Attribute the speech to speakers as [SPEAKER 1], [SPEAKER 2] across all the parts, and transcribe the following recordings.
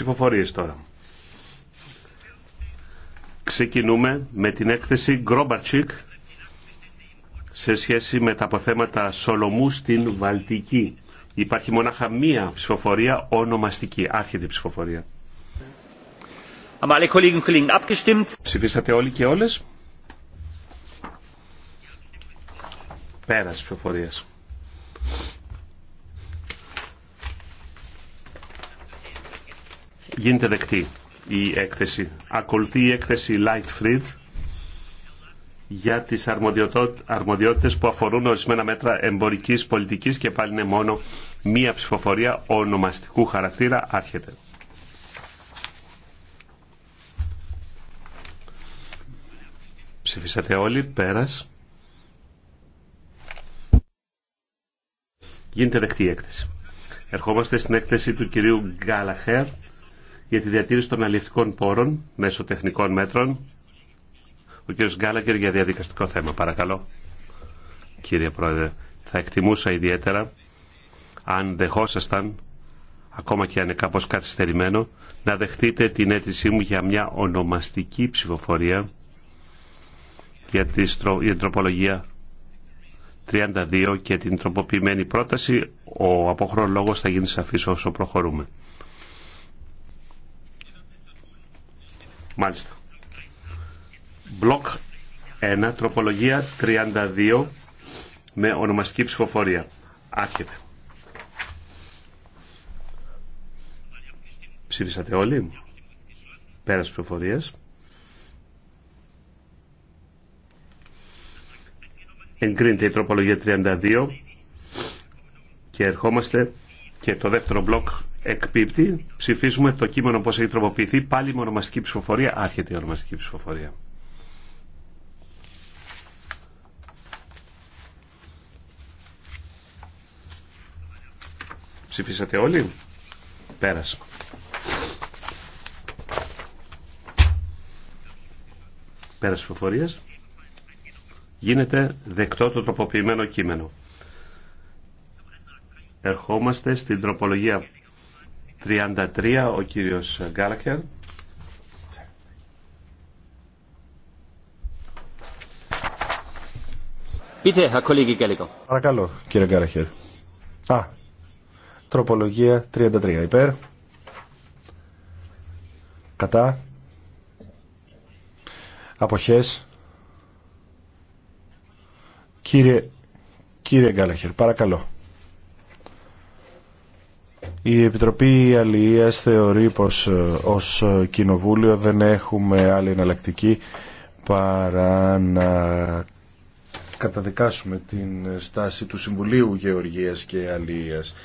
[SPEAKER 1] ψηφοφορίε τώρα. Ξεκινούμε με την έκθεση Γκρόμπαρτσικ σε σχέση με τα αποθέματα Σολομού στην Βαλτική. Υπάρχει μονάχα μία ψηφοφορία ονομαστική. Άρχεται ψηφοφορία. Ψηφίσατε όλοι και όλες. Πέρας ψηφοφορίας. γίνεται δεκτή η έκθεση. Ακολουθεί η έκθεση Lightfried για τις αρμοδιότητες που αφορούν ορισμένα μέτρα εμπορικής πολιτικής και πάλι είναι μόνο μία ψηφοφορία ονομαστικού χαρακτήρα άρχεται. Ψηφίσατε όλοι, πέρας. Γίνεται δεκτή η έκθεση. Ερχόμαστε στην έκθεση του κυρίου Γκάλαχερ για τη διατήρηση των αλληλευτικών πόρων μέσω τεχνικών μέτρων. Ο κ. Γκάλαγκερ για διαδικαστικό θέμα, παρακαλώ. Κύριε Πρόεδρε, θα εκτιμούσα ιδιαίτερα αν δεχόσασταν, ακόμα και αν είναι κάπως καθυστερημένο, να δεχτείτε την αίτησή μου για μια ονομαστική ψηφοφορία για την τροπολογία 32 και την τροποποιημένη πρόταση. Ο αποχρόν λόγος θα γίνει σαφής όσο προχωρούμε. Μάλιστα. Μπλοκ 1, τροπολογία 32 με ονομαστική ψηφοφορία. Άρχεται. Ψήφισατε όλοι. Πέρας ψηφοφορίας. Εγκρίνεται η τροπολογία 32 και ερχόμαστε και το δεύτερο μπλοκ εκπίπτει. Ψηφίζουμε το κείμενο πώς έχει τροποποιηθεί. Πάλι με ονομαστική ψηφοφορία. Άρχεται η ονομαστική ψηφοφορία. Ψηφίσατε όλοι. Πέρασε. Πέρασε ψηφοφορία. Γίνεται δεκτό το τροποποιημένο κείμενο. Ερχόμαστε στην τροπολογία 33 ο κύριος Γκάλαχερ. Παρακαλώ
[SPEAKER 2] κύριε Γκάλαχερ. Α, τροπολογία 33 υπέρ. Κατά. Αποχές. Κύριε, κύριε Γκάλαχερ, παρακαλώ. Η Επιτροπή Αλληλείας θεωρεί πως ε, ως ε, κοινοβούλιο δεν έχουμε άλλη εναλλακτική παρά να καταδικάσουμε την ε, στάση του Συμβουλίου Γεωργίας και Αλληλείας.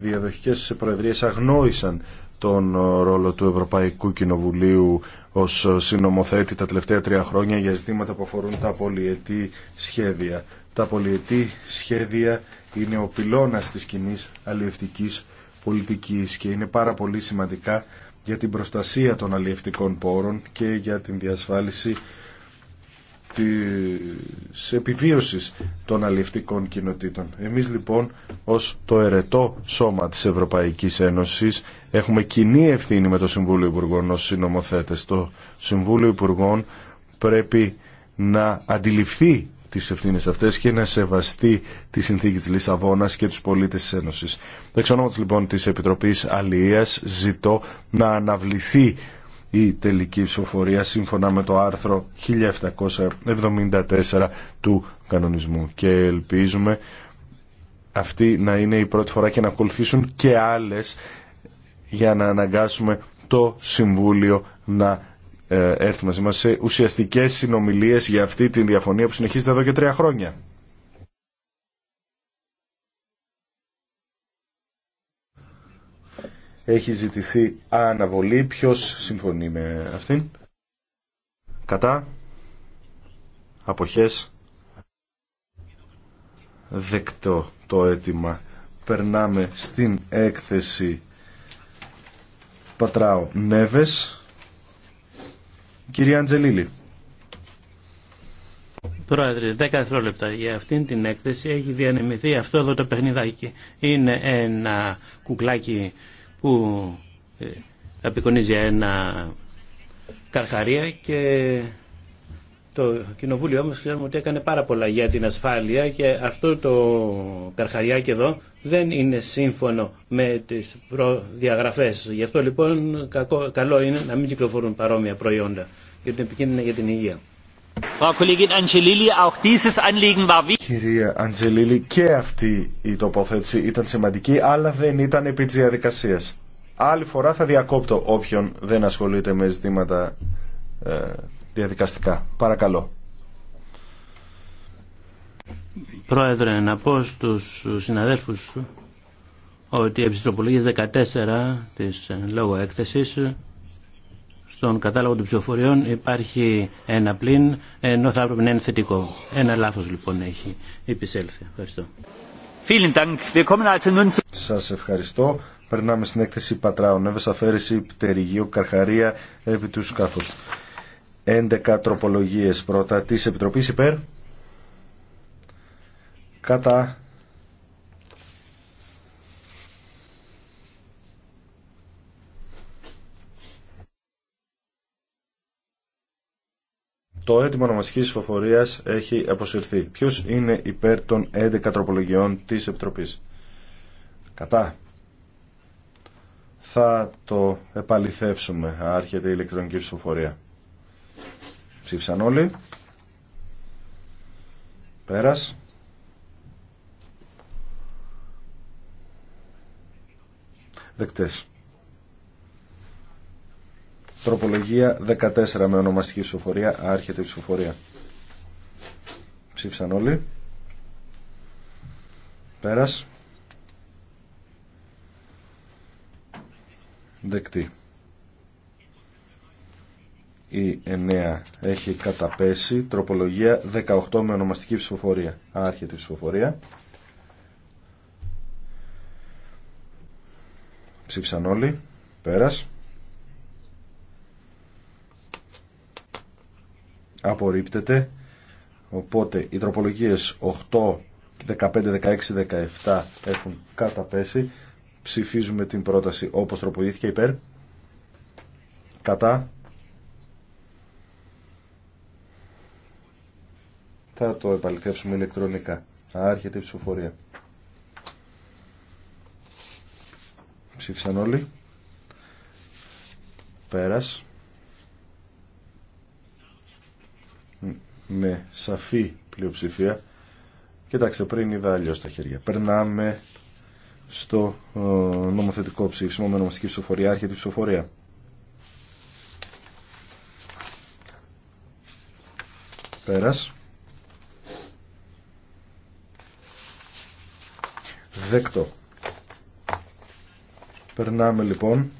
[SPEAKER 2] Διαδοχικές προεδρίες αγνόησαν τον ρόλο του Ευρωπαϊκού Κοινοβουλίου ως συνομοθέτη τα τελευταία τρία χρόνια για ζητήματα που αφορούν τα πολυετή σχέδια. Τα πολιετή σχέδια είναι ο πυλώνας της κοινή αλληλευτικής πολιτικής και είναι πάρα πολύ σημαντικά για την προστασία των αλλιευτικών πόρων και για την διασφάλιση της επιβίωσης των αλλιευτικών κοινοτήτων. Εμείς λοιπόν ως το ερετό σώμα της Ευρωπαϊκής Ένωσης έχουμε κοινή ευθύνη με το Συμβούλιο Υπουργών ως συνομοθέτες. Το Συμβούλιο Υπουργών πρέπει να αντιληφθεί τις ευθύνες αυτές και να σεβαστεί τη συνθήκη της Λισαβόνας και τους πολίτες της Ένωσης. Εξ ονόματος λοιπόν της Επιτροπής Αλίας ζητώ να αναβληθεί η τελική ψηφοφορία σύμφωνα με το άρθρο 1774 του κανονισμού και ελπίζουμε αυτή να είναι η πρώτη φορά και να ακολουθήσουν και άλλες για να αναγκάσουμε το Συμβούλιο να ε, έρθει μαζί μας σε ουσιαστικές συνομιλίες για αυτή τη διαφωνία που συνεχίζεται εδώ και τρία χρόνια. Έχει ζητηθεί αναβολή. Ποιος συμφωνεί με αυτήν. Κατά. Αποχές. Δεκτό το αίτημα. Περνάμε στην έκθεση Πατράου Νέβες Κυρία Αντζελίλη.
[SPEAKER 1] Πρόεδρε, δέκα δευτερόλεπτα για αυτήν την έκθεση έχει διανεμηθεί αυτό εδώ το παιχνιδάκι. Είναι ένα κουκλάκι που ε, απεικονίζει ένα καρχαρία και το κοινοβούλιο όμως ξέρουμε ότι έκανε πάρα πολλά για την ασφάλεια και αυτό το καρχαριάκι εδώ δεν είναι σύμφωνο με τις προδιαγραφές. Γι' αυτό λοιπόν κακό, καλό είναι να μην κυκλοφορούν παρόμοια προϊόντα για την επικίνδυνα για την υγεία.
[SPEAKER 2] Κυρία Αντζελίλη, και αυτή η τοποθέτηση ήταν σημαντική, αλλά δεν ήταν επί της διαδικασίας. Άλλη φορά θα διακόπτω όποιον δεν ασχολείται με ζητήματα ε, διαδικαστικά. Παρακαλώ.
[SPEAKER 1] Πρόεδρε, να πω στους συναδέλφους ότι Επιστροπολογία 14 της ε, λόγω έκθεσης στον κατάλογο των ψηφοφοριών υπάρχει ένα πλήν, ενώ θα έπρεπε να είναι θετικό. Ένα λάθος λοιπόν έχει επισέλθει. Ευχαριστώ.
[SPEAKER 2] Σα ευχαριστώ. Περνάμε στην έκθεση Πατράων. Εύε αφαίρεση, πτερυγείο, καρχαρία, επί του σκάφου. 11 τροπολογίες πρώτα της Επιτροπής υπέρ κατά Το αίτημα ονομαστικής ψηφοφορία έχει αποσυρθεί. Ποιος είναι υπέρ των 11 τροπολογιών της Επιτροπής. Κατά. Θα το επαληθεύσουμε. Άρχεται η ηλεκτρονική ψηφοφορία. Ψήφισαν όλοι. Πέρας. Δεκτές. Τροπολογία 14 με ονομαστική ψηφοφορία. Άρχεται η ψηφοφορία. Ψήφισαν όλοι. Πέρας. Δεκτή η 9 έχει καταπέσει. Τροπολογία 18 με ονομαστική ψηφοφορία. Άρχεται η ψηφοφορία. Ψήφισαν όλοι. Πέρας. Απορρίπτεται. Οπότε οι τροπολογίες 8, 15, 16, 17 έχουν καταπέσει. Ψηφίζουμε την πρόταση όπως τροποποιήθηκε υπέρ. Κατά Θα το επαληθεύσουμε ηλεκτρονικά. Άρχεται η ψηφοφορία. Ψήφισαν όλοι. Πέρας. Με ναι, σαφή πλειοψηφία. Κοιτάξτε, πριν είδα αλλιώ τα χέρια. Περνάμε στο ε, νομοθετικό ψήφισμα με νομοστική ψηφοφορία. Άρχεται η ψηφοφορία. Πέρας. δεκτό. Περνάμε λοιπόν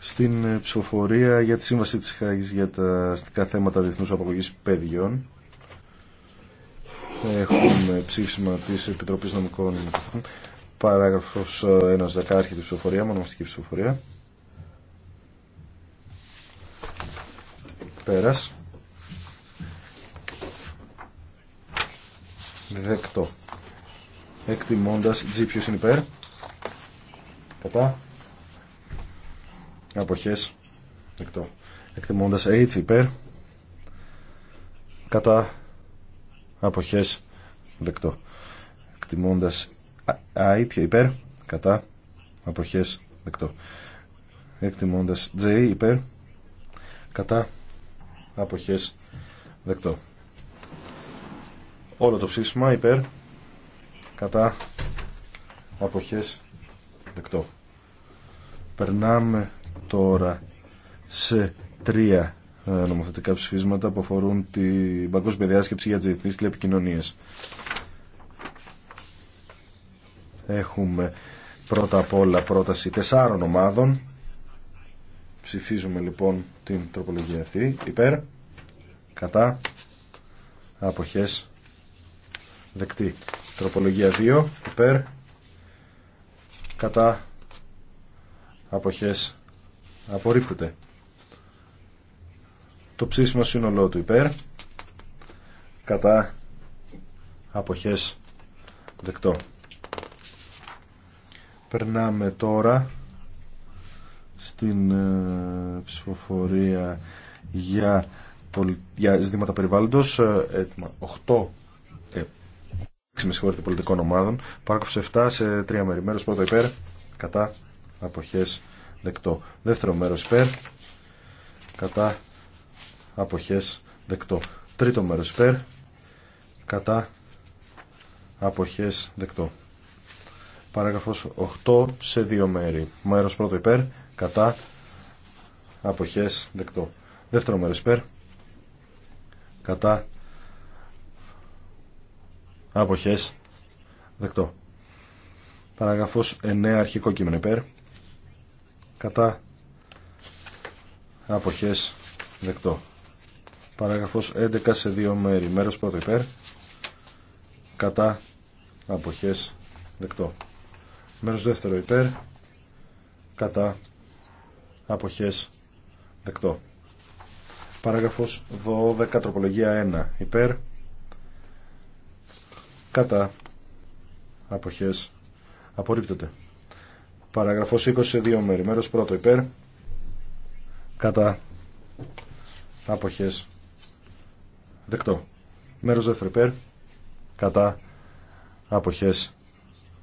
[SPEAKER 2] στην ε, ψηφοφορία για τη Σύμβαση της Χάγης για τα αστικά θέματα διεθνούς απαγωγής παιδιών. Έχουμε ψήφισμα της Επιτροπής Νομικών παράγραφος 1 ε, δεκάρχη της ψηφοφορία, μονομαστική ψηφοφορία. Πέρας. δεκτό. Εκτιμώντας G ποιος είναι υπέρ. Κατά. Αποχές. Δεκτό. Εκτιμώντας H υπέρ. Κατά. Αποχές. Δεκτό. Εκτιμώντας I ποιο υπέρ. Κατά. Αποχές. Δεκτό. Εκτιμώντας J υπέρ. Κατά. Αποχές. Δεκτό όλο το ψήφισμα υπέρ κατά αποχές δεκτό. Περνάμε τώρα σε τρία ε, νομοθετικά ψηφίσματα που αφορούν την παγκόσμια διάσκεψη για τις διεθνείς τηλεπικοινωνίες. Έχουμε πρώτα απ' όλα πρόταση τεσσάρων ομάδων. Ψηφίζουμε λοιπόν την τροπολογία αυτή. Υπέρ, κατά, αποχές, δεκτή. Τροπολογία 2 υπέρ κατά αποχές απορρίπτεται. Το ψήσιμο σύνολό του υπέρ κατά αποχές δεκτό. Περνάμε τώρα στην ε, ψηφοφορία για, για ζητήματα περιβάλλοντος, ε, έτοιμα 8 με συγχωρείτε, πολιτικών ομάδων. Πάρκο 7 σε τρία μέρη. μέρο πρώτο υπέρ, κατά, αποχέ δεκτό. Δεύτερο μέρο υπέρ, κατά, αποχέ δεκτό. Τρίτο μέρο υπέρ, κατά, απόχέ, δεκτό. Παράγραφος 8 σε δύο μέρη. Μέρο πρώτο υπέρ, κατά, αποχές, δεκτό. Δεύτερο μέρο υπέρ, κατά, αποχές δεκτό παραγραφός 9 αρχικό κείμενο υπέρ κατά αποχές δεκτό παραγραφός 11 σε δύο μέρη μέρος πρώτο υπέρ κατά αποχές δεκτό μέρος δεύτερο υπέρ κατά αποχές δεκτό παράγραφος 12 τροπολογία 1 υπέρ κατά αποχές απορρίπτεται. Παραγραφός 22. μέρη. Μέρος πρώτο υπέρ κατά αποχές δεκτό. Μέρος δεύτερο υπέρ κατά αποχές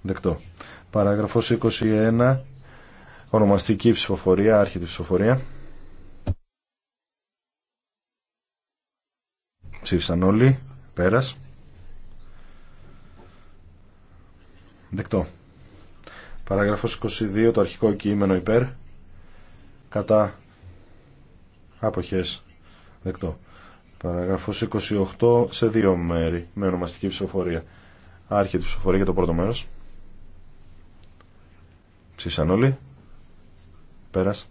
[SPEAKER 2] δεκτό. Παράγραφος 21 ονομαστική ψηφοφορία, άρχιτη ψηφοφορία. Ψήφισαν όλοι, πέρας. Δεκτό. Παράγραφος 22, το αρχικό κείμενο υπέρ. Κατά αποχές. Δεκτό. Παράγραφος 28, σε δύο μέρη, με ονομαστική ψηφοφορία. Άρχεται τη ψηφοφορία για το πρώτο μέρος. Ψησαν όλοι. Πέρας.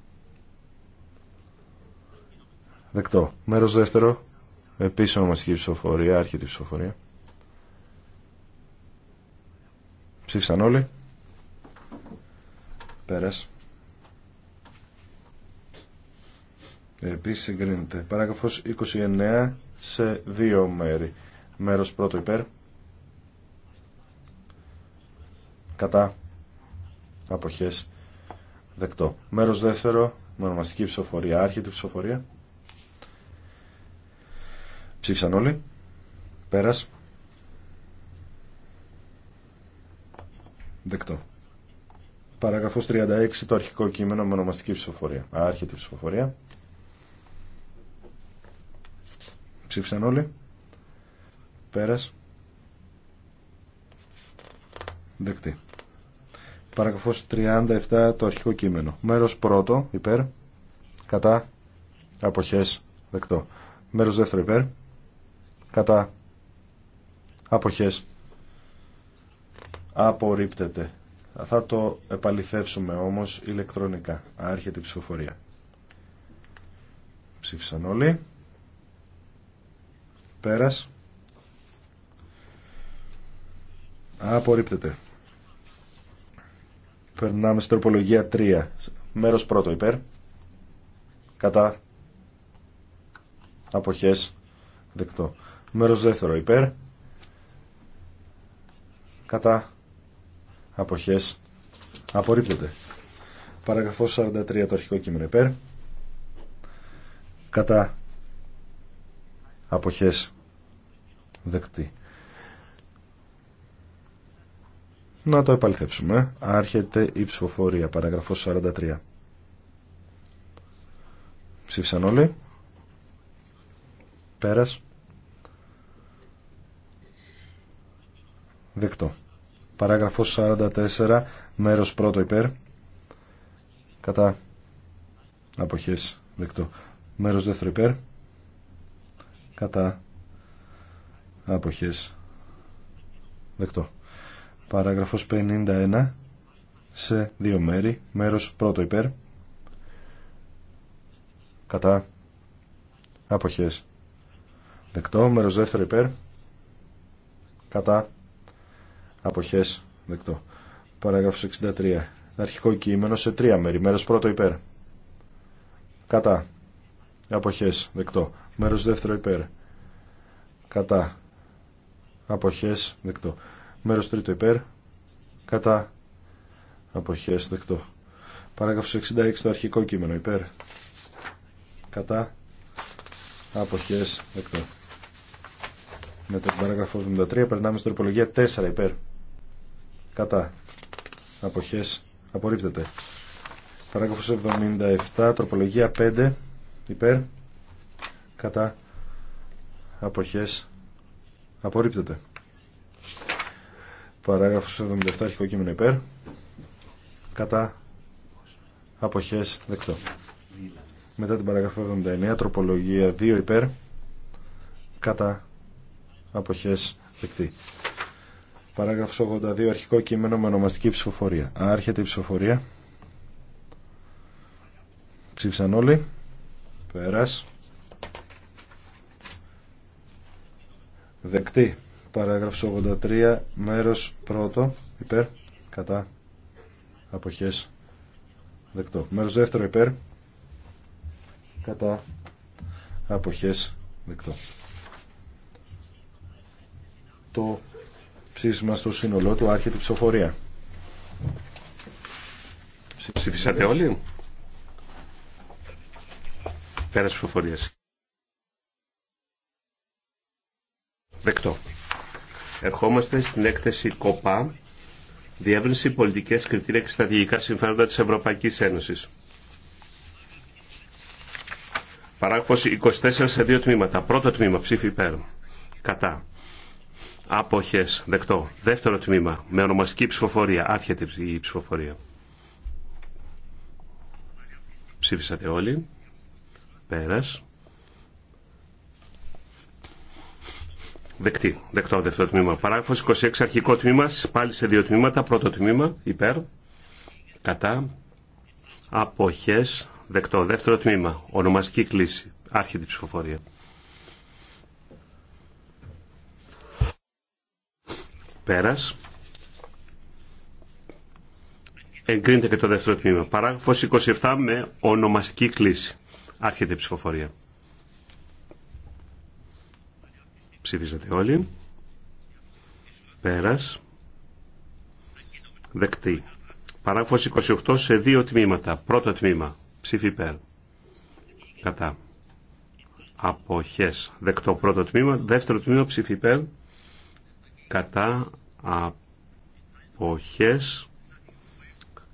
[SPEAKER 2] Δεκτό. Μέρος δεύτερο. Επίσης ονομαστική ψηφοφορία, άρχεται τη ψηφοφορία. Ψήφισαν όλοι. Πέρας. Ε, επίσης συγκρίνεται. Παράγραφος 29 σε δύο μέρη. Μέρος πρώτο υπέρ. Κατά. Αποχές. Δεκτό. Μέρος δεύτερο. Με ονομαστική ψηφοφορία. Άρχεται ψηφοφορία. Ψήφισαν όλοι. Πέρας. Δεκτό. Παράγραφος 36 το αρχικό κείμενο με ονομαστική ψηφοφορία. Άρχεται η ψηφοφορία. Ψήφισαν όλοι. Πέρας. Δεκτή. Παραγραφός 37 το αρχικό κείμενο. Μέρος πρώτο υπέρ. Κατά. Αποχές. Δεκτό. Μέρος δεύτερο υπέρ. Κατά. Αποχές απορρίπτεται. Θα το επαληθεύσουμε όμως ηλεκτρονικά. Άρχεται η ψηφοφορία. Ψήφισαν όλοι. Πέρας. Απορρίπτεται. Περνάμε στην τροπολογία 3. Μέρος πρώτο υπέρ. Κατά. Αποχές. Δεκτό. Μέρος δεύτερο υπέρ. Κατά αποχές απορρίπτεται. Παραγραφός 43 το αρχικό κείμενο υπέρ. Κατά αποχές δεκτή. Να το επαληθεύσουμε. Άρχεται η ψηφοφορία. Παραγραφός 43. Ψήφισαν όλοι. Πέρας. Δεκτό. Παράγραφος 44, μέρος πρώτο υπέρ. Κατά αποχές δεκτό. Μέρος δεύτερο υπέρ. Κατά αποχές δεκτό. Παράγραφος 51, σε δύο μέρη. Μέρος πρώτο υπέρ. Κατά αποχές δεκτό. Μέρος δεύτερο υπέρ. Κατά αποχές δεκτό. Παράγραφος 63. Αρχικό κείμενο σε τρία μέρη. Μέρος πρώτο υπέρ. Κατά. Αποχές δεκτό. Μέρος δεύτερο υπέρ. Κατά. Αποχές δεκτό. Μέρος τρίτο υπέρ. Κατά. Αποχές δεκτό. Παράγραφος 66 το αρχικό κείμενο υπέρ. Κατά. Αποχές δεκτό. Μετά την παράγραφο 73 περνάμε στην τροπολογία 4 υπέρ κατά αποχές απορρίπτεται παράγραφος 77 τροπολογία 5 υπέρ κατά αποχές απορρίπτεται παράγραφος 77 αρχικό κείμενο υπέρ κατά αποχές δεκτό μετά την παράγραφο 79 τροπολογία 2 υπέρ κατά αποχές δεκτή Παράγραφος 82 αρχικό κείμενο με ονομαστική ψηφοφορία. Άρχεται η ψηφοφορία. Ψήφισαν όλοι. Πέρας. Δεκτή. Παράγραφος 83 μέρος πρώτο. Υπέρ. Κατά. Αποχές. Δεκτό. Μέρος δεύτερο υπέρ. Κατά. Αποχές. Δεκτό. Το ψήφισμα στο σύνολό του άρχεται η ψηφοφορία.
[SPEAKER 1] Ψήφισατε όλοι. Πέρα ψηφοφορία. Δεκτό. Ερχόμαστε στην έκθεση ΚΟΠΑ, διεύρυνση πολιτικέ κριτήρια και στρατηγικά συμφέροντα τη Ευρωπαϊκή Ένωση. Παράγραφος 24 σε δύο τμήματα. Πρώτο τμήμα ψήφι υπέρ. Κατά. Αποχές. Δεκτό. Δεύτερο τμήμα. Με ονομαστική ψηφοφορία. Άρχεται η ψηφοφορία. Ψήφισατε όλοι. Πέρας. Δεκτή. Δεκτό δεύτερο τμήμα. Παράγραφο 26. Αρχικό τμήμα. Πάλι σε δύο τμήματα. Πρώτο τμήμα. Υπέρ. Κατά. Αποχές. Δεκτό. Δεύτερο τμήμα. Ονομαστική κλίση. Άρχεται η ψηφοφορία. Πέρας. Εγκρίνεται και το δεύτερο τμήμα. Παράγραφος 27 με ονομαστική κλίση. Άρχεται η ψηφοφορία. Ψηφίζετε όλοι. Πέρας. Δεκτή. Παράγραφος 28 σε δύο τμήματα. Πρώτο τμήμα. Ψήφι υπέρ. Κατά. Αποχές. Δεκτό πρώτο τμήμα. Δεύτερο τμήμα. Ψήφι υπέρ κατά αποχές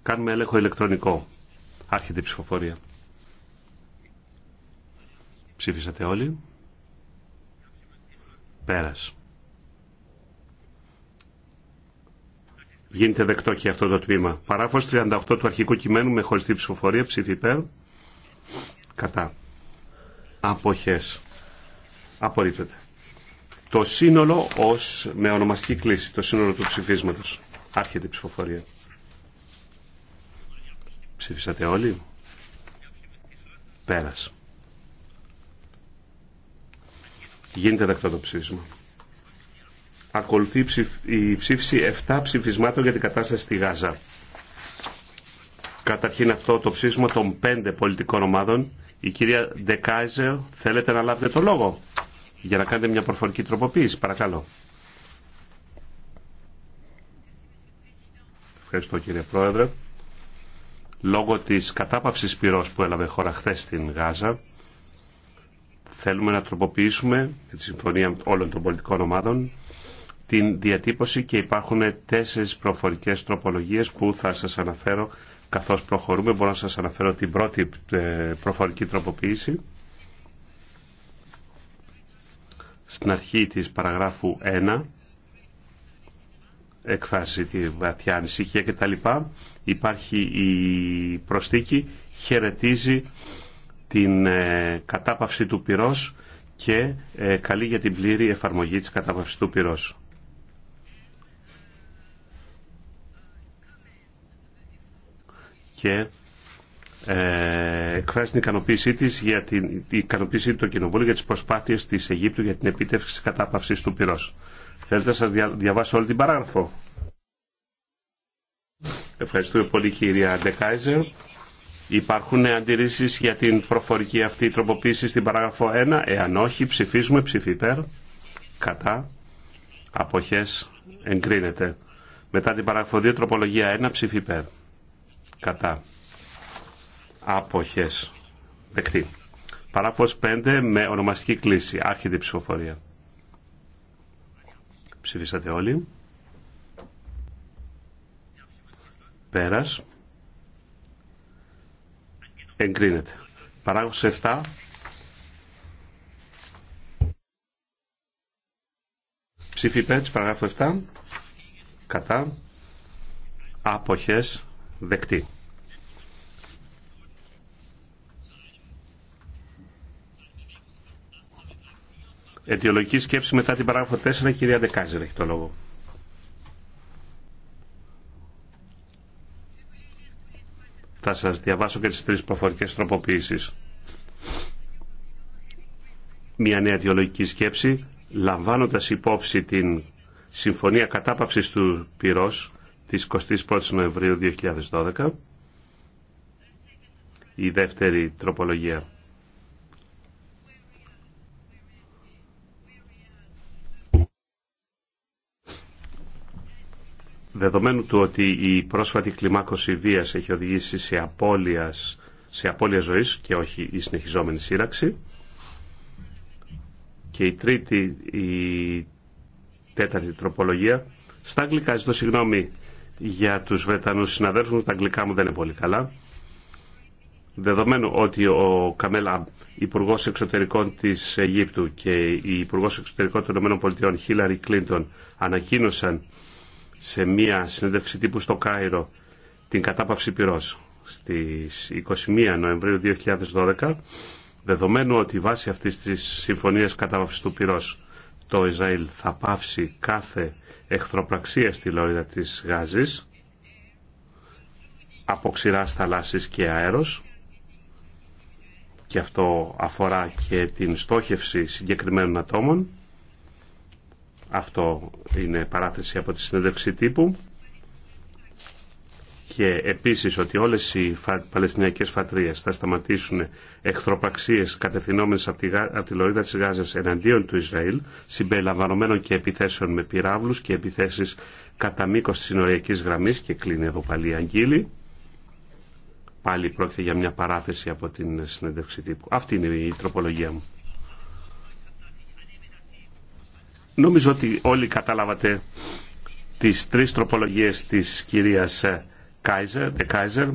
[SPEAKER 1] κάνουμε έλεγχο ηλεκτρονικό άρχεται η ψηφοφορία ψήφισατε όλοι πέρας γίνεται δεκτό και αυτό το τμήμα παράφος 38 του αρχικού κειμένου με χωριστή ψηφοφορία ψήφι κατά αποχές απορρίπτεται το σύνολο ως με ονομαστική κλίση, το σύνολο του ψηφίσματος. Άρχεται η ψηφοφορία. Ψήφισατε όλοι. Πέρας. Γίνεται δεκτό το ψήφισμα. Ακολουθεί η ψήφιση 7 ψηφισμάτων για την κατάσταση στη Γάζα. Καταρχήν αυτό το ψήφισμα των 5 πολιτικών ομάδων. Η κυρία Ντεκάιζερ, θέλετε να λάβετε το λόγο για να κάνετε μια προφορική τροποποίηση. Παρακαλώ. Ευχαριστώ κύριε Πρόεδρε. Λόγω της κατάπαυσης πυρός που έλαβε χώρα χθες στην Γάζα, θέλουμε να τροποποιήσουμε, με τη συμφωνία όλων των πολιτικών ομάδων, την διατύπωση και υπάρχουν τέσσερις προφορικές τροπολογίες που θα σας αναφέρω καθώς προχωρούμε. Μπορώ να σας αναφέρω την πρώτη ε, προφορική τροποποίηση στην αρχή της παραγράφου 1 εκφράσει τη βαθιά ανησυχία λοιπά. Υπάρχει η προστίκη, χαιρετίζει την ε, κατάπαυση του πυρός και ε, καλεί για την πλήρη εφαρμογή της κατάπαυσης του πυρός. Και ε, εκφράσει την ικανοποίησή τη για την, την ικανοποίησή του κοινοβούλου για τι προσπάθειε τη Αιγύπτου για την επίτευξη τη κατάπαυση του πυρό. Θέλετε να σα διαβάσω όλη την παράγραφο. Ευχαριστούμε πολύ κυρία Ντεκάιζερ. Υπάρχουν αντιρρήσει για την προφορική αυτή τροποποίηση στην παράγραφο 1. Εάν όχι, ψηφίζουμε ψήφι υπέρ. Κατά. Αποχέ. Εγκρίνεται. Μετά την παράγραφο 2, τροπολογία 1, ψήφι υπέρ. Κατά αποχές δεκτή. Παράγραφος 5 με ονομαστική κλίση. Άρχεται ψηφοφορία. Ψηφίσατε όλοι. Πέρας. Εγκρίνεται. Παράγραφος 7. Ψήφι 5. παραγράφω 7. Κατά. Αποχές δεκτή. Αιτιολογική σκέψη μετά την παράγραφο 4, κυρία Ντεκάζερ έχει το λόγο. Θα σας διαβάσω και τις τρεις προφορικές τροποποιήσεις. Μια νέα αιτιολογική σκέψη, λαμβάνοντας υπόψη την Συμφωνία Κατάπαυσης του Πυρός της 21ης Νοεμβρίου 2012, η δεύτερη τροπολογία δεδομένου του ότι η πρόσφατη κλιμάκωση βίας έχει οδηγήσει σε απώλεια, σε απώλεια ζωής και όχι η συνεχιζόμενη σύραξη και η τρίτη, η τέταρτη τροπολογία στα αγγλικά ζητώ συγγνώμη για τους Βρετανούς συναδέλφους τα αγγλικά μου δεν είναι πολύ καλά δεδομένου ότι ο Καμέλα, υπουργό Εξωτερικών της Αιγύπτου και η υπουργό Εξωτερικών των ΗΠΑ, Χίλαρη Κλίντον, ανακοίνωσαν σε μία συνέντευξη τύπου στο Κάιρο την κατάπαυση πυρός στις 21 Νοεμβρίου 2012 δεδομένου ότι βάσει αυτής της συμφωνίας κατάπαυσης του πυρός το Ισραήλ θα πάυσει κάθε εχθροπραξία στη λόριδα της Γάζης από ξηρά θαλάσσης και αέρος και αυτό αφορά και την στόχευση συγκεκριμένων ατόμων αυτό είναι παράθεση από τη συνέντευξη τύπου και επίσης ότι όλες οι Παλαιστινιακές φατρίες θα σταματήσουν εχθροπαξίες κατευθυνόμενες από τη, από τη λωρίδα της Γάζας εναντίον του Ισραήλ, συμπεριλαμβανομένων και επιθέσεων με πυράβλους και επιθέσεις κατά μήκο της συνοριακής γραμμής και κλείνει εδώ πάλι η Αγγίλη. Πάλι πρόκειται για μια παράθεση από την συνέντευξη τύπου. Αυτή είναι η τροπολογία μου. Νομίζω ότι όλοι καταλάβατε τις τρεις τροπολογίες της κυρίας Κάιζερ, ε, Kaiser,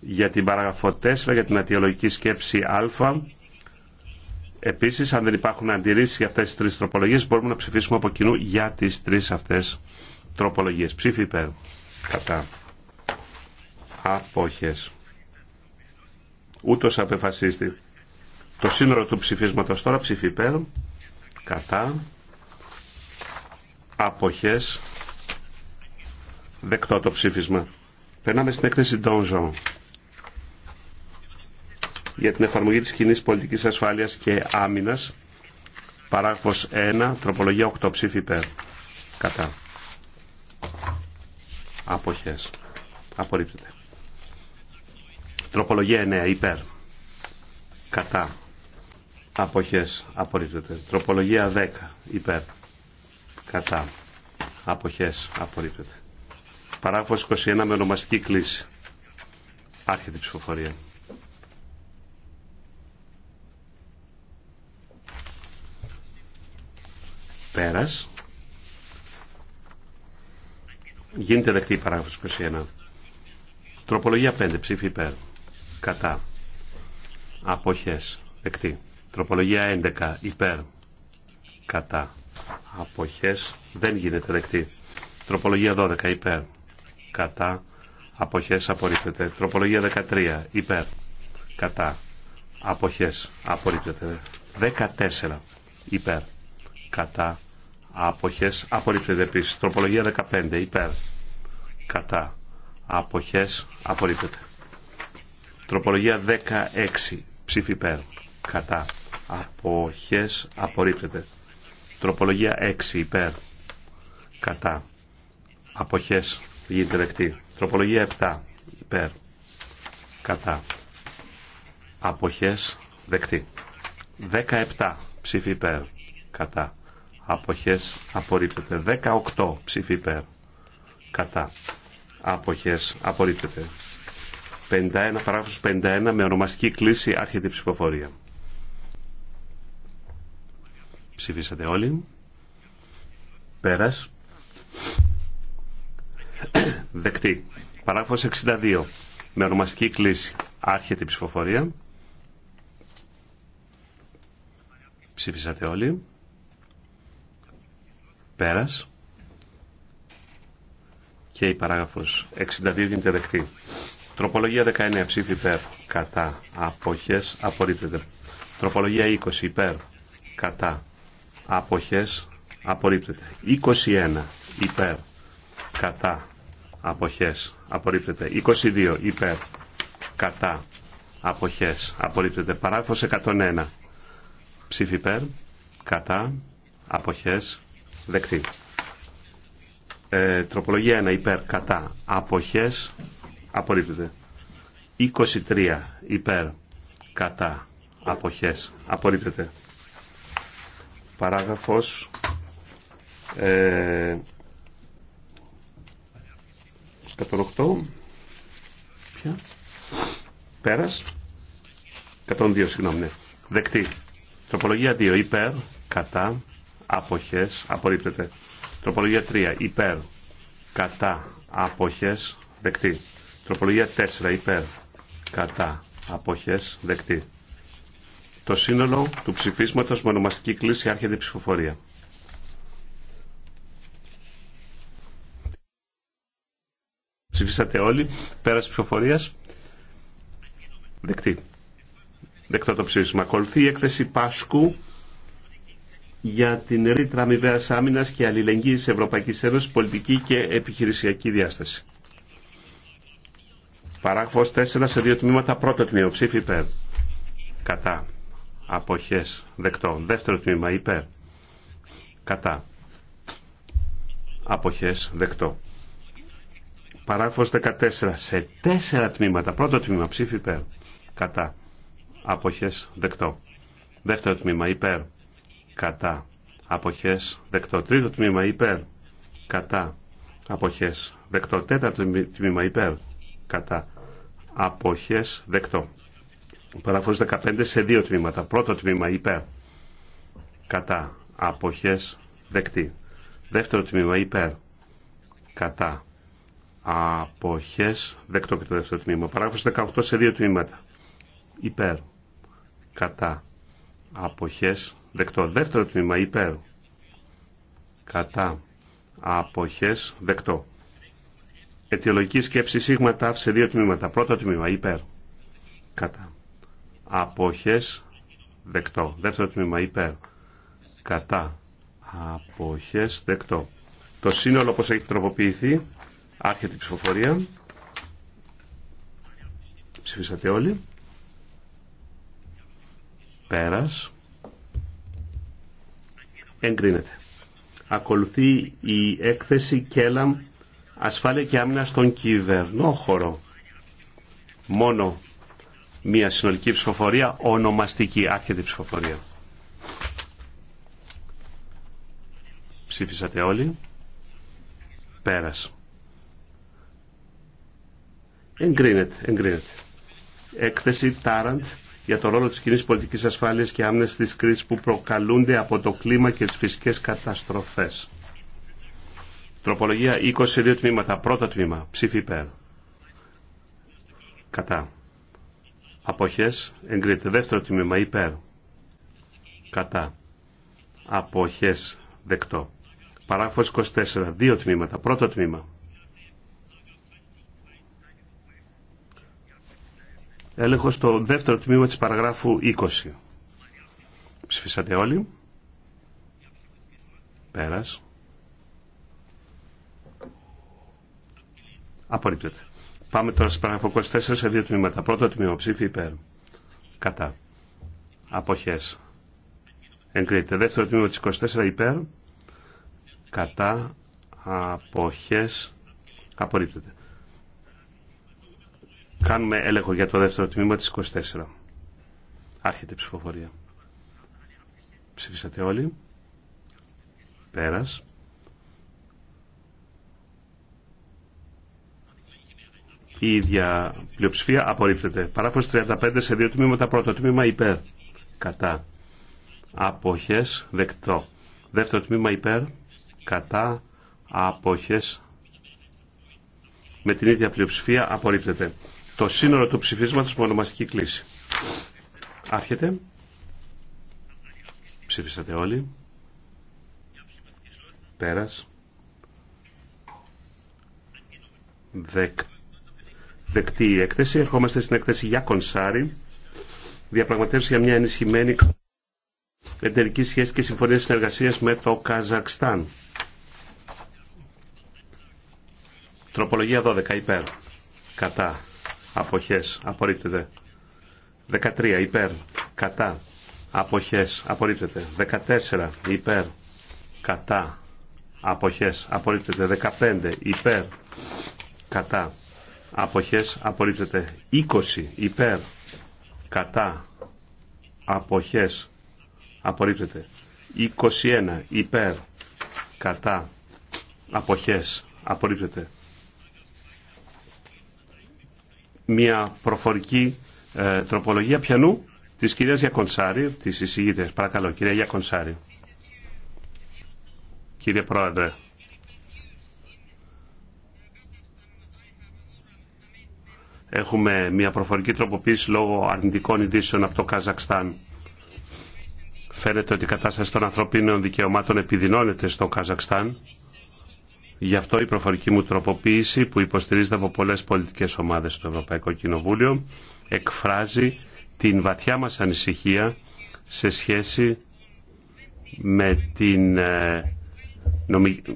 [SPEAKER 1] για την παραγραφό 4, για την αιτιολογική σκέψη Α. Επίσης, αν δεν υπάρχουν αντιρρήσεις για αυτές τις τρεις τροπολογίες, μπορούμε να ψηφίσουμε από κοινού για τις τρεις αυτές τροπολογίες. Ψήφι υπέρ. Κατά. Απόχες. Ούτως απεφασίστη. Το σύνολο του ψηφίσματος τώρα ψήφι κατά αποχές δεκτό το ψήφισμα. Περνάμε στην έκθεση Donjon για την εφαρμογή της κοινή πολιτικής ασφάλειας και άμυνας παράγραφος 1 τροπολογία 8 ψήφι υπέρ κατά αποχές απορρίπτεται τροπολογία 9 υπέρ κατά Αποχές. Απορρίπτεται. Τροπολογία 10. Υπέρ. Κατά. Αποχές. Απορρίπτεται. Παράγραφος 21 με ονομαστική κλίση. Άρχεται η ψηφοφορία. Πέρας. Γίνεται δεκτή η παράγραφος 21. Τροπολογία 5. Ψήφι υπέρ. Κατά. Αποχές. Δεκτή. Τροπολογία 11. Υπέρ. Κατά. Αποχές. Δεν γίνεται δεκτή. Τροπολογία 12. Υπέρ. Κατά. Αποχές απορρίπτεται. Τροπολογία 13. Υπέρ. Κατά. Αποχές απορρίπτεται. 14. Υπέρ. Κατά. Αποχές απορρίπτεται επίσης. Τροπολογία 15. Υπέρ. Κατά. Αποχές απορρίπτεται. Τροπολογία 16. Ψήφι υπέρ κατά αποχές απορρίπτεται τροπολογία 6 υπέρ κατά αποχές γίνεται δεκτή τροπολογία 7 υπέρ κατά αποχές δεκτή 17 ψήφι υπέρ κατά αποχές απορρίπτεται 18 ψήφι υπέρ κατά αποχές απορρίπτεται 51 παράγραφος 51 με ονομαστική κλίση άρχεται η ψηφοφορία Ψηφίσατε όλοι. Πέρας. Δεκτή. Παράγραφος 62. Με ονομαστική κλίση. Άρχεται η ψηφοφορία. Ψηφίσατε όλοι. Πέρας. Και η παράγραφος 62 γίνεται δεκτή. Τροπολογία 19. Ψήφι υπέρ. Κατά. Αποχές. Απορρίπτεται. Τροπολογία 20. Υπέρ. Κατά αποχές απορρίπτεται. 21 υπέρ κατά αποχές απορρίπτεται. 22 υπέρ κατά αποχές απορρίπτεται. Παράγραφος 101 ψήφι υπέρ κατά αποχές δεκτή. Ε, τροπολογία 1 υπέρ κατά αποχές απορρίπτεται. 23 υπέρ κατά αποχές απορρίπτεται. Παράγραφος ε, 108 Ποια Πέρας 102 συγγνώμη ναι. Δεκτή Τροπολογία 2 υπέρ Κατά Αποχές Απορρίπτεται Τροπολογία 3 υπέρ Κατά Αποχές Δεκτή Τροπολογία 4 υπέρ Κατά Αποχές Δεκτή το σύνολο του ψηφίσματος με ονομαστική κλίση άρχεται η ψηφοφορία. Ψηφίσατε όλοι, πέρας ψηφοφορίας, δεκτή. Δεκτό το ψήφισμα. Ακολουθεί η έκθεση Πάσκου για την ρήτρα αμοιβαία άμυνα και αλληλεγγύη Ευρωπαϊκή Ένωση, πολιτική και επιχειρησιακή διάσταση. Παράγραφο 4 σε δύο τμήματα. Πρώτο τμήμα. Ψήφι υπέρ. Κατά αποχές δεκτό. Δεύτερο τμήμα υπέρ κατά αποχές δεκτό. Παράγραφος 14. Σε τέσσερα τμήματα. Πρώτο τμήμα ψήφι υπέρ κατά αποχές δεκτό. Δεύτερο τμήμα υπέρ κατά αποχές δεκτό. Τρίτο τμήμα υπέρ κατά αποχές δεκτό. Τέταρτο τμήμα υπέρ κατά αποχές δεκτό. Παράγραφος 15 σε δύο τμήματα. Πρώτο τμήμα υπέρ. Κατά. Αποχές δεκτή. Δεύτερο τμήμα υπέρ. Κατά. Αποχές δεκτό και το δεύτερο τμήμα. Παράγραφος 18 σε δύο τμήματα. Υπέρ. Κατά. Αποχές δεκτό. Δεύτερο τμήμα υπέρ. Κατά. Αποχές δεκτό. Αιτιολογική σκέψη σίγμα τάφ σε δύο τμήματα. Πρώτο τμήμα υπέρ. Κατά αποχές δεκτό. Δεύτερο τμήμα υπέρ κατά αποχές δεκτό. Το σύνολο όπως έχει τροποποιηθεί άρχεται η ψηφοφορία. Ψηφίσατε όλοι. Πέρας. Εγκρίνεται. Ακολουθεί η έκθεση Κέλαμ ασφάλεια και άμυνα στον κυβερνόχωρο. Μόνο μια συνολική ψηφοφορία ονομαστική, άρχεται ψηφοφορία. Ψήφισατε όλοι. Πέρας. Εγκρίνεται, εγκρίνεται. Έκθεση Τάραντ για το ρόλο της κοινή πολιτικής ασφάλειας και άμυνας της κρίσης που προκαλούνται από το κλίμα και τις φυσικές καταστροφές. Τροπολογία 22 τμήματα. Πρώτο τμήμα. Ψήφι υπέρ. Κατά. Αποχές εγκρίνεται. Δεύτερο τμήμα υπέρ. Κατά. Αποχές δεκτό. Παράγραφος 24. Δύο τμήματα. Πρώτο τμήμα. Έλεγχο στο δεύτερο τμήμα της παραγράφου 20. Ψηφίσατε όλοι. Πέρας. Απορρίπτεται. Πάμε τώρα στην παραγραφό 24 σε δύο τμήματα. Πρώτο τμήμα ψήφι υπέρ. Κατά. Αποχές. Εγκρίνεται. Δεύτερο τμήμα της 24 υπέρ. Κατά. Αποχές. Απορρίπτεται. Κάνουμε έλεγχο για το δεύτερο τμήμα της 24. Άρχεται η ψηφοφορία. Ψηφίσατε όλοι. Πέρας. η ίδια πλειοψηφία απορρίπτεται. Παράγραφος 35 σε δύο τμήματα. Πρώτο τμήμα υπέρ. Κατά. Αποχές δεκτό. Δεύτερο τμήμα υπέρ. Κατά. Αποχές με την ίδια πλειοψηφία απορρίπτεται. Το σύνολο του ψηφίσματος με ονομαστική κλίση. Άρχεται. Ψήφισατε όλοι. Πέρας. Δεκτό δεκτή η έκθεση. Ερχόμαστε στην έκθεση για κονσάρι. Διαπραγματεύσει για μια ενισχυμένη εταιρική σχέση και συμφωνία συνεργασίας με το Καζακστάν. Τροπολογία 12 υπέρ. Κατά. Αποχές. Απορρίπτεται. 13 υπέρ. Κατά. Αποχές. Απορρίπτεται. 14 υπέρ. Κατά. Αποχές. Απορρίπτεται. 15 υπέρ. Κατά αποχές απορρίπτεται 20 υπέρ κατά αποχές απορρίπτεται 21 υπέρ κατά αποχές απορρίπτεται μια προφορική ε, τροπολογία πιανού της κυρίας Γιακονσάρη, της εισηγήτριας. Παρακαλώ, κυρία Γιακονσάρη. Κύριε Πρόεδρε, Έχουμε μια προφορική τροποποίηση λόγω αρνητικών ειδήσεων από το Καζακστάν. Φαίνεται ότι η κατάσταση των ανθρωπίνων δικαιωμάτων επιδεινώνεται στο Καζακστάν. Γι' αυτό η προφορική μου τροποποίηση που υποστηρίζεται από πολλές πολιτικές ομάδες στο Ευρωπαϊκό Κοινοβούλιο εκφράζει την βαθιά μας ανησυχία σε σχέση με την ε,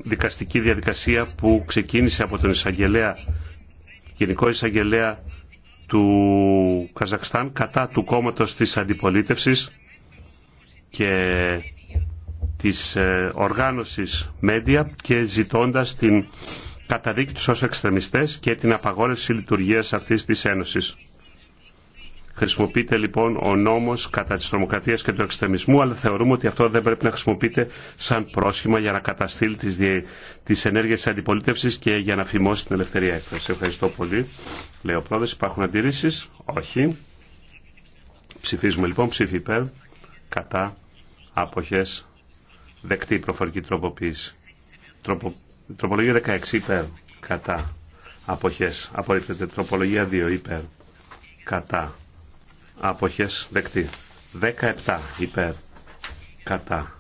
[SPEAKER 1] δικαστική διαδικασία που ξεκίνησε από τον εισαγγελέα Γενικό Εισαγγελέα του Καζακστάν κατά του κόμματος της αντιπολίτευσης και της ε, οργάνωσης Μέντια και ζητώντας την καταδίκη τους ως εξτρεμιστές και την απαγόρευση λειτουργίας αυτής της Ένωσης. Χρησιμοποιείται λοιπόν ο νόμο κατά τη τρομοκρατία και του εξτρεμισμού, αλλά θεωρούμε ότι αυτό δεν πρέπει να χρησιμοποιείται σαν πρόσχημα για να καταστήλει τι διε... τις ενέργειες της αντιπολίτευσης και για να φημώσει την ελευθερία έκφραση. Ευχαριστώ πολύ. Λέω πρόεδρο, υπάρχουν αντιρρήσει. Όχι. Ψηφίζουμε λοιπόν. Ψήφι υπέρ. Κατά. Αποχές. Δεκτή προφορική τροποποίηση. Τροπο... Τροπολογία 16 υπέρ. Κατά. αποχέ, Απορρίπτεται. Τροπολογία 2 υπέρ. Κατά αποχές δεκτή 17 υπέρ κατά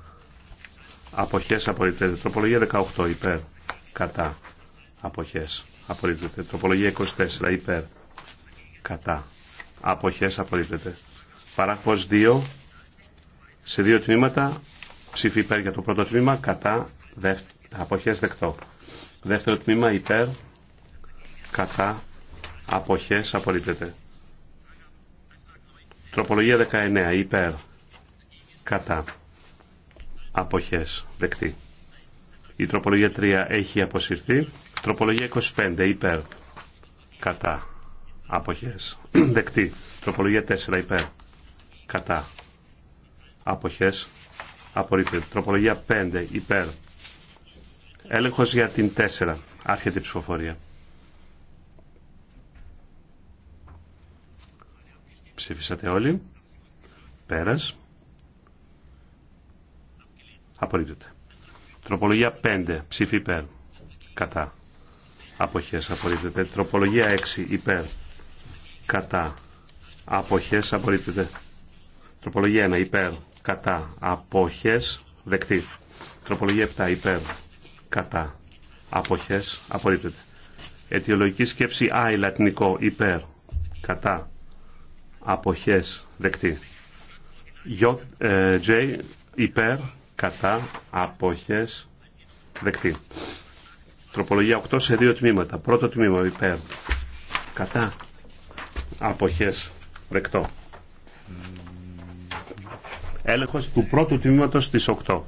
[SPEAKER 1] αποχές απορρίπτεται τροπολογία 18 υπέρ κατά αποχές απορρίπτεται τροπολογία 24 υπέρ κατά αποχές απορρίπτεται παράγραφος 2 σε δύο τμήματα ψήφι υπέρ για το πρώτο τμήμα κατά δευ... αποχές δεκτό δεύτερο τμήμα υπέρ κατά αποχές απορρίπτεται Τροπολογία 19. Υπέρ. Κατά. Αποχές. Δεκτή. Η τροπολογία 3 έχει αποσυρθεί. Τροπολογία 25. Υπέρ. Κατά. Αποχές. Δεκτή. Τροπολογία 4. Υπέρ. Κατά. Αποχές. Απορρίπτεται. Τροπολογία 5. Υπέρ. Έλεγχος για την 4. Άρχεται η ψηφοφορία. Ψήφισατε όλοι. πέρα. Απορρίπτεται. Τροπολογία 5. Ψήφι υπέρ. Κατά. Αποχέ, απορρίπτεται. Τροπολογία 6. Υπέρ. Κατά. Αποχές απορρίπτεται. Τροπολογία 1. Υπέρ. Κατά. Αποχές. Δεκτή. Τροπολογία 7. Υπέρ. Κατά. Αποχές απορρίπτεται. Αιτιολογική σκέψη Α. Λατινικό. Υπέρ. Κατά αποχές δεκτή. J ε, υπέρ κατά αποχές δεκτή. Τροπολογία 8 σε δύο τμήματα. Πρώτο τμήμα υπέρ κατά αποχές δεκτό. Έλεγχος του πρώτου τμήματος της 8.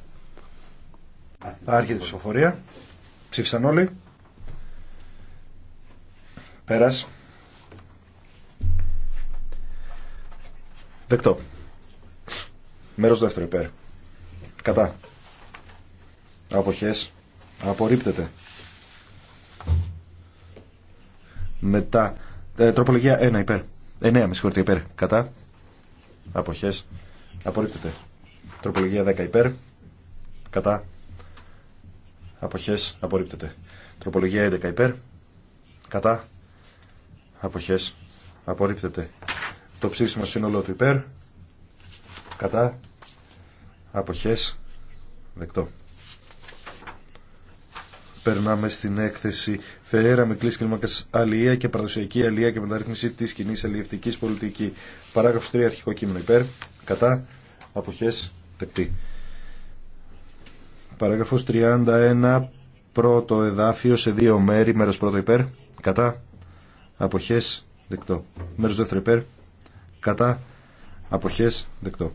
[SPEAKER 1] Άρχεται η ψηφοφορία. Ψήφισαν όλοι.
[SPEAKER 2] Πέρας. Δεκτό. Μέρος δεύτερο υπέρ. Κατά. Αποχές. Απορρίπτεται. Μετά. Ε, τροπολογία 1 υπέρ. 9 ε, ναι, με συγχωρείτε υπέρ. Κατά. Αποχές. Απορρίπτεται. Τροπολογία 10 υπέρ. Κατά. Αποχές. Απορρίπτεται. Τροπολογία 11 υπέρ. Κατά. Αποχές. Απορρίπτεται το ψήσιμο σύνολό του υπέρ, κατά, αποχές, δεκτό. Περνάμε στην έκθεση Φεέρα Μικλή Κλίμακα Αλία και Παραδοσιακή Αλία και Μεταρρύθμιση τη Κοινή Αλληλευτική Πολιτική. Παράγραφο 3. Αρχικό κείμενο υπέρ. Κατά. Αποχέ. δεκτή. Παράγραφος 31. Πρώτο εδάφιο σε δύο μέρη. Μέρος πρώτο υπέρ. Κατά. Αποχές. Δεκτό. Μέρος δεύτερο υπέρ κατά αποχές δεκτό.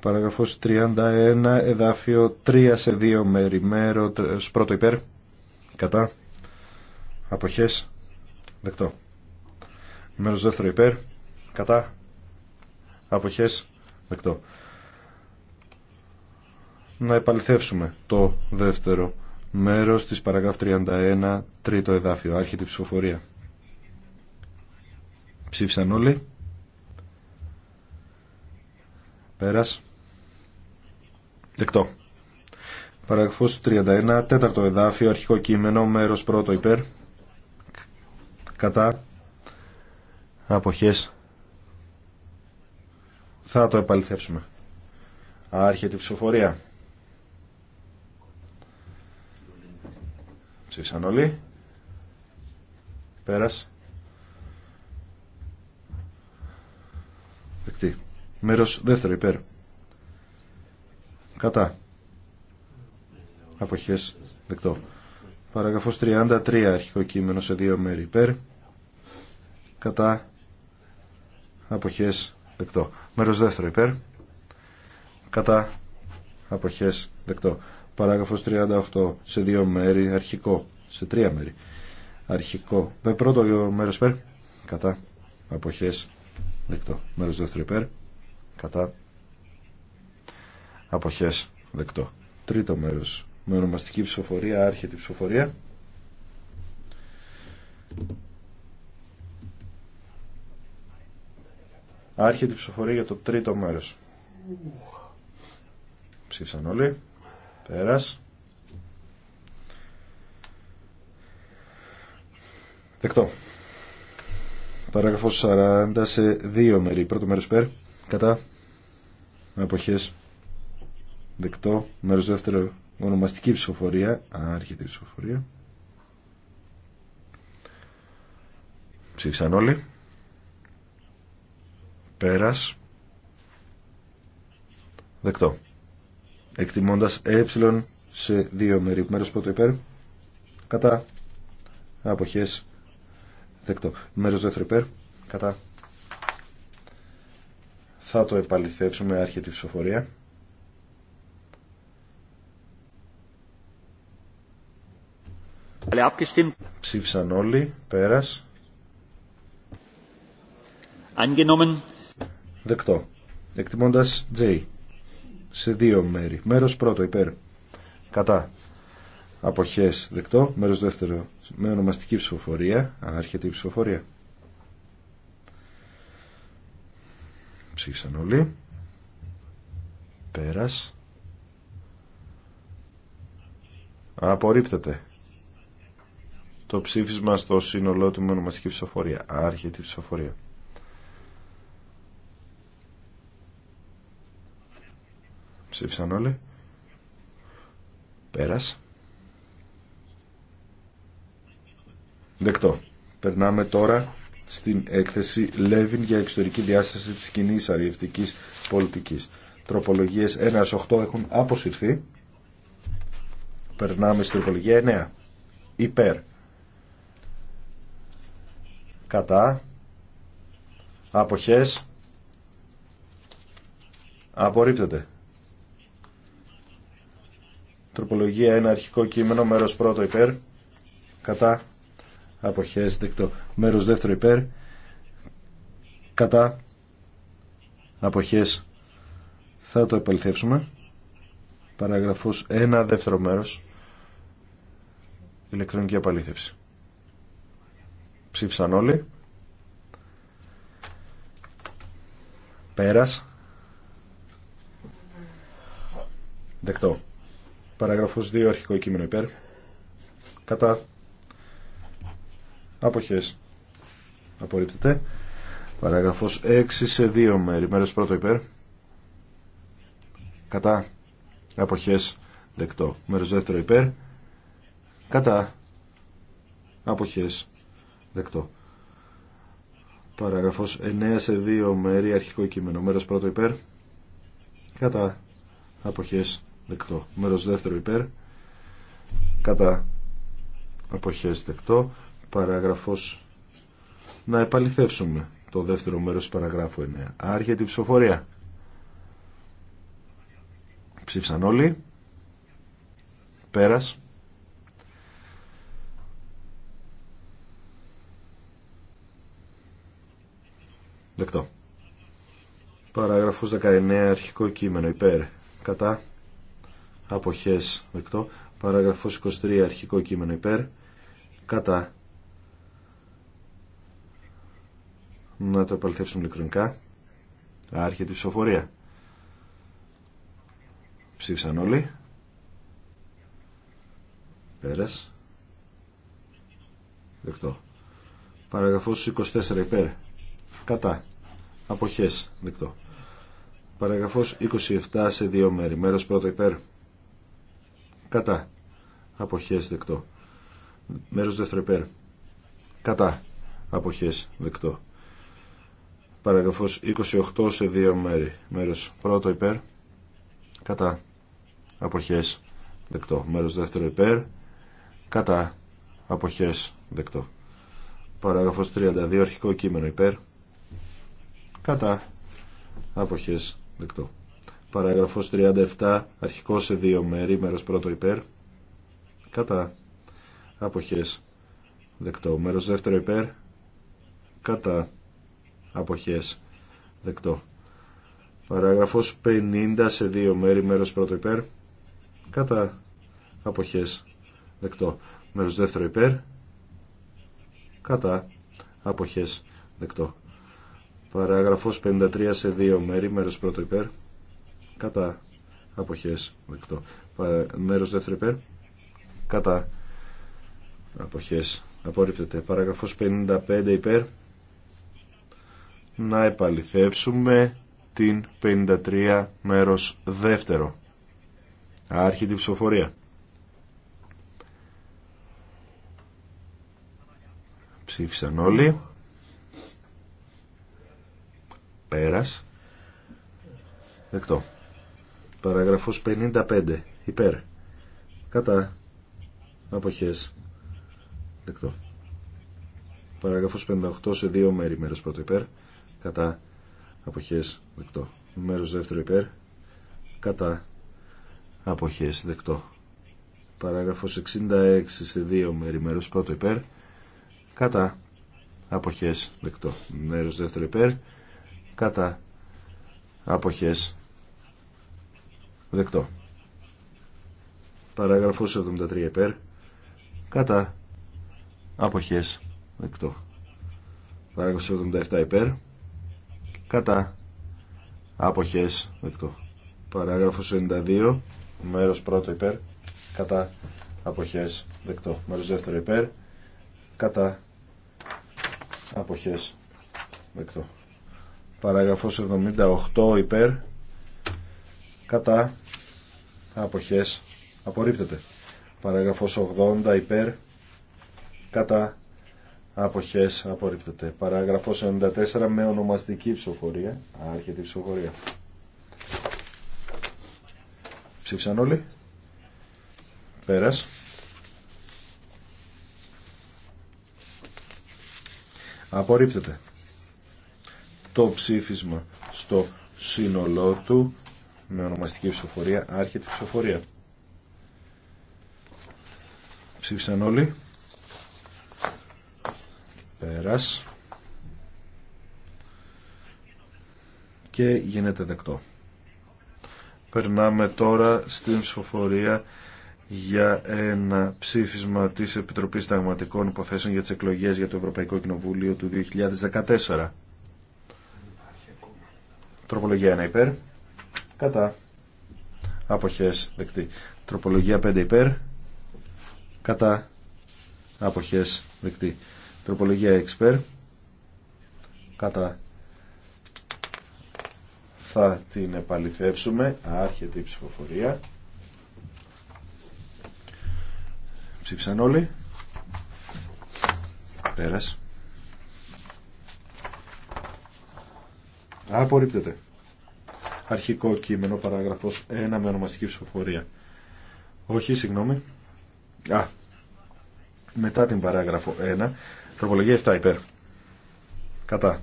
[SPEAKER 2] Παραγραφός 31 εδάφιο 3 σε 2 μέρη μέρο πρώτο υπέρ κατά αποχές δεκτό. Μέρος δεύτερο υπέρ κατά αποχές δεκτό. Να επαληθεύσουμε το δεύτερο μέρος της παραγράφου 31 τρίτο εδάφιο άρχιτη ψηφοφορία. Ψήφισαν όλοι. Πέρας. Δεκτό. Παραγραφός 31, τέταρτο εδάφιο, αρχικό κείμενο, μέρος πρώτο υπέρ. Κατά. Αποχές. Θα το επαληθεύσουμε. Άρχεται η ψηφοφορία. Ψήφισαν όλοι. Πέρας. Δεκτή. Μέρος δεύτερο υπέρ. Κατά. Αποχές δεκτό. Παραγραφός 33 αρχικό κείμενο σε δύο μέρη υπέρ. Κατά. Αποχές δεκτό. Μέρος δεύτερο υπέρ. Κατά. Αποχές δεκτό. Παράγραφος 38 σε δύο μέρη αρχικό. Σε τρία μέρη. Αρχικό. Με πρώτο μέρος υπέρ. Κατά. Αποχές δεκτό. Μέρος δεύτερο υπέρ κατά αποχές δεκτό τρίτο μέρος με ονομαστική ψηφοφορία Άρχιτη ψηφοφορία Άρχιτη ψηφοφορία για το τρίτο μέρος ψήφισαν όλοι πέρας δεκτό Παράγραφος 40 σε δύο μέρη. Πρώτο μέρος πέρα κατά αποχές δεκτό μέρος δεύτερο ονομαστική ψηφοφορία άρχεται η ψηφοφορία ψήφισαν όλοι πέρας δεκτό εκτιμώντας ε σε δύο μέρη μέρος πρώτο υπέρ κατά αποχές δεκτό μέρος δεύτερο υπέρ κατά θα το επαληθεύσουμε άρχεται τη ψηφοφορία. Ψήφισαν όλοι. Πέρας. Angenommen. Δεκτό. Εκτιμώντας J. Σε δύο μέρη. Μέρος πρώτο υπέρ. Κατά. Αποχές δεκτό. Μέρος δεύτερο. Με ονομαστική ψηφοφορία. Άρχεται η ψηφοφορία. ψήφισαν όλοι. Πέρας. Απορρίπτεται. Το ψήφισμα στο σύνολό του με ψηφοφορία. Άρχεται η ψηφοφορία. Ψήφισαν όλοι. Πέρας. Δεκτό. Περνάμε τώρα στην έκθεση Λέβιν για εξωτερική διάσταση της κοινή αριευτικής πολιτικής. Τροπολογίες 1-8 έχουν αποσυρθεί. Περνάμε στην τροπολογία 9. Υπέρ. Κατά. Αποχές. Απορρίπτεται. Τροπολογία 1. Αρχικό κείμενο. Μέρος 1. Υπέρ. Κατά αποχές δεκτό. Μέρος δεύτερο υπέρ κατά αποχές θα το επαληθεύσουμε. Παραγραφός ένα δεύτερο μέρος ηλεκτρονική επαλήθευση. Ψήφισαν όλοι. Πέρας. Δεκτό. Παραγραφός 2 αρχικό κείμενο υπέρ. Κατά Αποχές. Απορρίπτεται. Παράγραφος 6 σε 2 μέρη. Μέρος πρώτο υπέρ. Κατά. Αποχές. Δεκτό. Μέρος δεύτερο υπέρ. Κατά. Αποχές. Δεκτό. Παράγραφος 9 σε 2 μέρη. Αρχικό κείμενο. Μέρος πρώτο υπέρ. Κατά. Αποχές. Δεκτό. Μέρος δεύτερο υπέρ. Κατά. Αποχές. Δεκτό παράγραφος να επαληθεύσουμε το δεύτερο μέρος του παραγράφου 9. Άρχεται η ψηφοφορία. Ψήφισαν όλοι. Πέρας. Δεκτό. Παράγραφος 19 αρχικό κείμενο υπέρ. Κατά. Αποχές δεκτό. Παράγραφος 23 αρχικό κείμενο υπέρ. Κατά. να το επαληθεύσουμε ηλεκτρονικά. Άρχεται τη ψηφοφορία. Ψήφισαν όλοι. Πέρας. Δεκτό. Παραγραφός 24 υπέρ. Κατά. Αποχές. Δεκτό. Παραγραφός 27 σε δύο μέρη. Μέρος πρώτο υπέρ. Κατά. Αποχές δεκτό. Μέρος δεύτερο υπέρ. Κατά. Αποχές δεκτό. Παραγραφός 28 σε δύο μέρη. Μέρος πρώτο υπέρ. Κατά. Αποχές. Δεκτό. Μέρος δεύτερο υπέρ. Κατά. Αποχές. Δεκτό. Παραγραφός 32 αρχικό κείμενο υπέρ. Κατά. Αποχές. Δεκτό. Παραγραφός 37 αρχικό σε δύο μέρη. Μέρος πρώτο υπέρ. Κατά. Αποχές. Δεκτό. Μέρος δεύτερο υπέρ. Κατά αποχές δεκτό. Παράγραφος 50 σε δύο μέρη, μέρος πρώτο υπέρ, κατά αποχές δεκτό. Μέρος δεύτερο υπέρ, κατά αποχές δεκτό. Παράγραφος 53 σε δύο μέρη, μέρος πρώτο υπέρ, κατά αποχές δεκτό. Μέρος δεύτερο υπέρ, κατά αποχές απορρίπτεται. Παράγραφος 55 υπέρ, να επαληθεύσουμε την 53 μέρος δεύτερο. Άρχιτη ψηφοφορία. Ψήφισαν όλοι. Πέρας. Δεκτό. Παραγραφός 55. Υπέρ. Κατά. Αποχές. Δεκτό. Παραγραφός 58 σε δύο μέρη μέρος πρώτο υπέρ κατά αποχές δεκτό μέρος δεύτερο υπέρ κατά αποχές δεκτό παράγραφος 66 σε δύο μέρη μέρος πρώτο υπέρ κατά αποχές δεκτό μέρος δεύτερο υπέρ κατά αποχές δεκτό παράγραφος 73 υπέρ κατά αποχές δεκτό παράγραφος 77 υπέρ κατά αποχές δεκτό παράγραφος 92 μέρος πρώτο υπέρ κατά αποχές δεκτό μέρος δεύτερο υπέρ κατά αποχές δεκτό παράγραφος 78 υπέρ κατά αποχές απορρίπτεται παράγραφος 80 υπέρ κατά αποχές απορρίπτεται. Παράγραφος 94 με ονομαστική ψηφοφορία. Άρχεται η ψηφοφορία. Ψήφισαν όλοι. Πέρας. Απορρίπτεται. Το ψήφισμα στο σύνολό του με ονομαστική ψηφοφορία. Άρχεται η ψηφοφορία. Ψήφισαν όλοι πέρας και γίνεται δεκτό. Περνάμε τώρα στην ψηφοφορία για ένα ψήφισμα της Επιτροπής Ταγματικών Υποθέσεων για τις εκλογές για το Ευρωπαϊκό Κοινοβούλιο του 2014. Τροπολογία 1 υπέρ. Κατά. Αποχές δεκτή. Τροπολογία 5 υπέρ. Κατά. Αποχές δεκτή. Τροπολογία expert. Κατά. Θα την επαληθεύσουμε. Άρχεται η ψηφοφορία. Ψήφισαν όλοι. Πέρας. Απορρίπτεται. Αρχικό κείμενο, παράγραφος 1 με ονομαστική ψηφοφορία. Όχι, συγγνώμη. Α, μετά την παράγραφο 1 Τροπολογία 7 υπέρ. Κατά.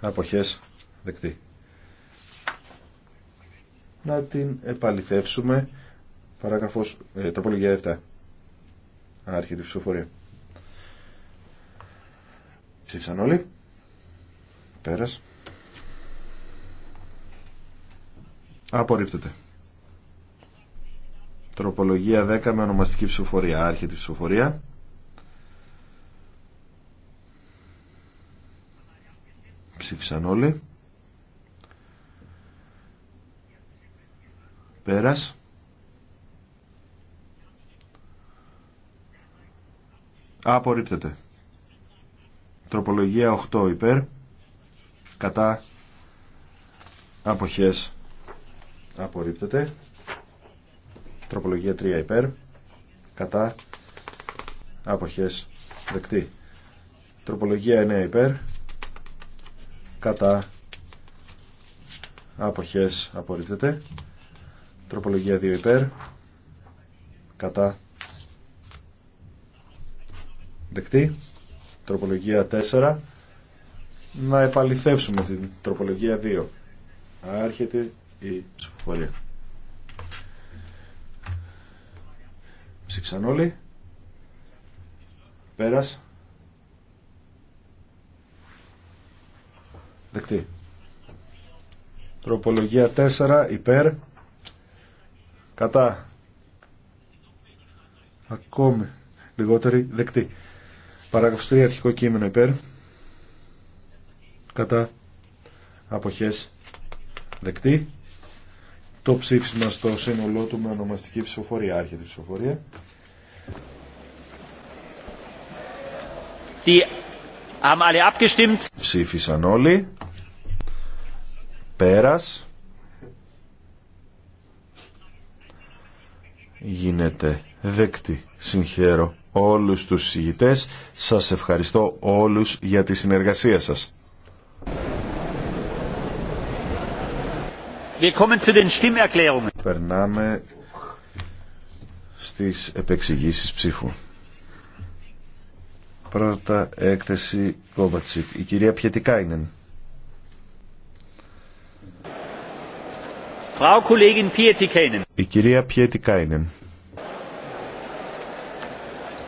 [SPEAKER 2] Αποχέ. δεκτή. Να την επαληθεύσουμε. Παράγραφος, ε, τροπολογία 7. Άρχεται η ψηφοφορία. Ψήφισαν όλοι. Πέρας. Απορρίπτεται. Τροπολογία 10 με ονομαστική ψηφοφορία. Άρχεται η ψηφοφορία. Ψήφισαν όλοι. Πέρας. Απορρίπτεται. Τροπολογία 8 υπέρ. Κατά. Αποχές. Απορρίπτεται. Τροπολογία 3 υπέρ. Κατά. Αποχές. Δεκτή. Τροπολογία 9 υπέρ κατά αποχές απορρίπτεται τροπολογία 2 υπέρ κατά δεκτή τροπολογία 4 να επαληθεύσουμε την τροπολογία 2 άρχεται η ψηφοφορία ψήφισαν όλοι πέρας Δεκτή. Τροπολογία 4 υπέρ. Κατά. Ακόμη λιγότερη. Δεκτή. Παράγραφος 3 αρχικό κείμενο υπέρ. Κατά. Αποχές. Δεκτή. Το ψήφισμα στο σύνολό του με ονομαστική ψηφοφορία. Άρχεται ψηφοφορία.
[SPEAKER 1] Die haben alle abgestimmt.
[SPEAKER 2] Ψήφισαν όλοι πέρας γίνεται δέκτη συγχαίρω όλους τους συγητές σας ευχαριστώ όλους για τη συνεργασία σας
[SPEAKER 1] Περνάμε
[SPEAKER 2] στις επεξηγήσεις ψήφου. Πρώτα έκθεση Κόβατσικ. Η κυρία Πιετικάινεν είναι.
[SPEAKER 1] Η κυρία Πιέτη